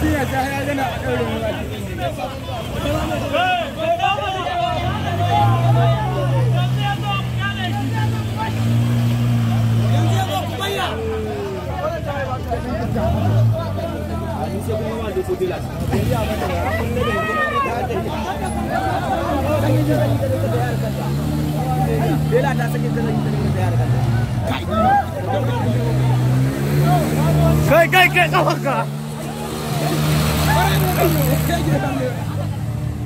saya saya ada nak Bila dah sakit lagi kita nak biarkan. Kai kai kai kau kah? C'est il